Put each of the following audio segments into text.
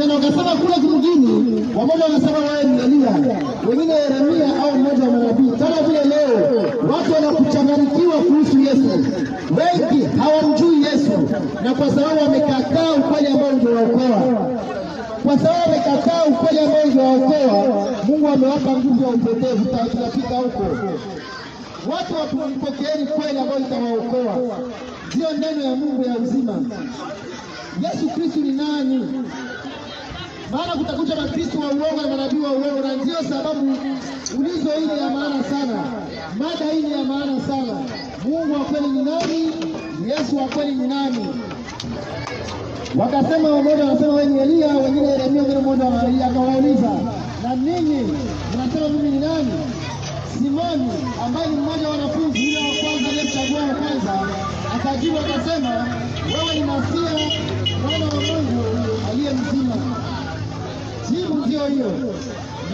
wengine wakasema kule kimjini, wamoja wanasema wewe ni Elia, wengine Yeremia au mmoja wa manabii. Kama vile leo watu wanakuchanganyikiwa kuhusu Yesu, wengi hawamjui Yesu, na kwa sababu wamekataa ukweli ambao ungewaokoa kwa sababu wamekataa ukweli ambao ungewaokoa. Mungu amewapa nguvu ya upotevu, tutafika huko. Watu wapokeeni kweli ambao litawaokoa, ndiyo neno ya Mungu ya uzima. Yesu Kristo ni nani? maana kutakuja makristo wa uongo na manabii wa uongo, na ndio sababu ulizo hii ya maana sana, mada hii ni ya maana sana. Mungu wa kweli ni nani? Yesu wa kweli ni nani? Wakasema mmoja, wanasema wewe ni Elia, wengine Yeremia, wengine mmoja wa Elia. Akawauliza, na ninyi mnasema mimi ni nani? Simoni ambaye ni mmoja wa wanafunzi yule wa kwanza aliyechagua wa kwanza, akajibu akasema, wewe ni Masia mwana wa Mungu aliye mzima. Jibu ndio hiyo.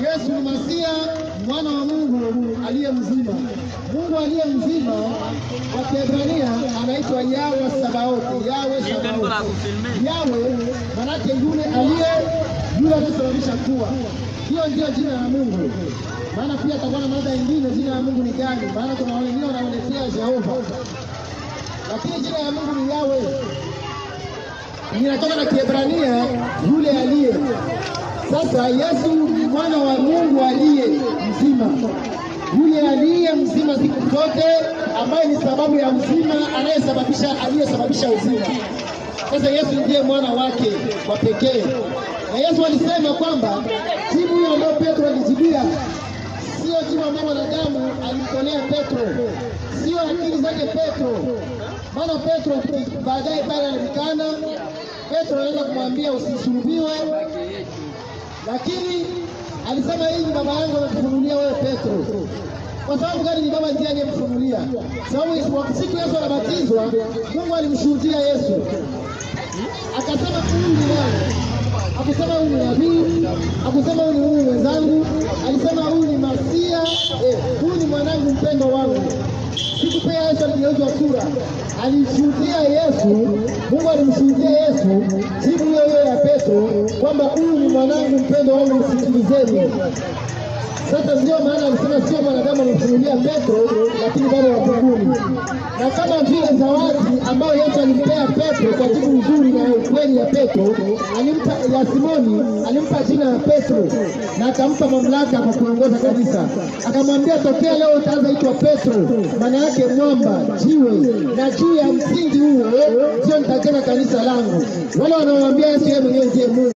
Yesu ni Masia, mwana wa Mungu aliye mzima. Mungu aliye mzima wa Kiebrania anaitwa Yawe Sabaoth, Yawe Sabaoth, Yawe manake yule aliye, yule anasababisha kuwa. Hiyo ndio jina la Mungu. Maana pia atakuwa na mada nyingine, jina la Mungu ni gani? Maana kuna wengine wanaelekea Jehova, lakini jina la Mungu ni Yawe, inatoka na Kiebrania sasa Yesu mwana wa Mungu aliye mzima, yule aliye mzima siku zote, ambaye ni sababu ya uzima, anayesababisha aliyesababisha uzima. Sasa Yesu ndiye mwana wake wa pekee, na Yesu alisema kwamba jibu hiyo ambayo Petro alijibia sio jibu ambayo mwanadamu alimtolea Petro, sio akili zake Petro, maana Petro baadaye pale anavikana Petro anaenda kumwambia usisulubiwe lakini alisema hivi, baba yangu amekufunulia wewe Petro. Kwa sababu gani? Ni baba ndiye aliyemfunulia, sababu siku Yesu anabatizwa, Mungu alimshuhudia Yesu akasema, huyu ni wangu, Akusema huyu ni nabii, akusema huyu ni huyu mwenzangu, alisema huyu ni Masia, eh, huyu eh, ni mwanangu mpendo wangu siku pia Yesu aligeuzwa sura, alishuhudia Yesu, Mungu alimshuhudia Yesu siku hiyo hiyo ya Petro kwamba huyu wanangu mpendo wangu, msikilizeni sasa. Ndio maana alisema sio mwanadamu amemfunulia Petro, lakini bado wa kuguni, na kama vile zawadi ambayo Yesu alimpea Petro kwa jibu nzuri na ukweli ya Petro alimpa ya Simoni, alimpa jina la Petro na akampa mamlaka kwa kuongoza kabisa Akamwambia, tokea leo utaanza itwa Petro, maana yake mwamba, jiwe, na juu ya msingi huo ndio nitajenga kanisa langu. Wale wanaomwambia Yesu yeye mwenyewe ndiye Mungu.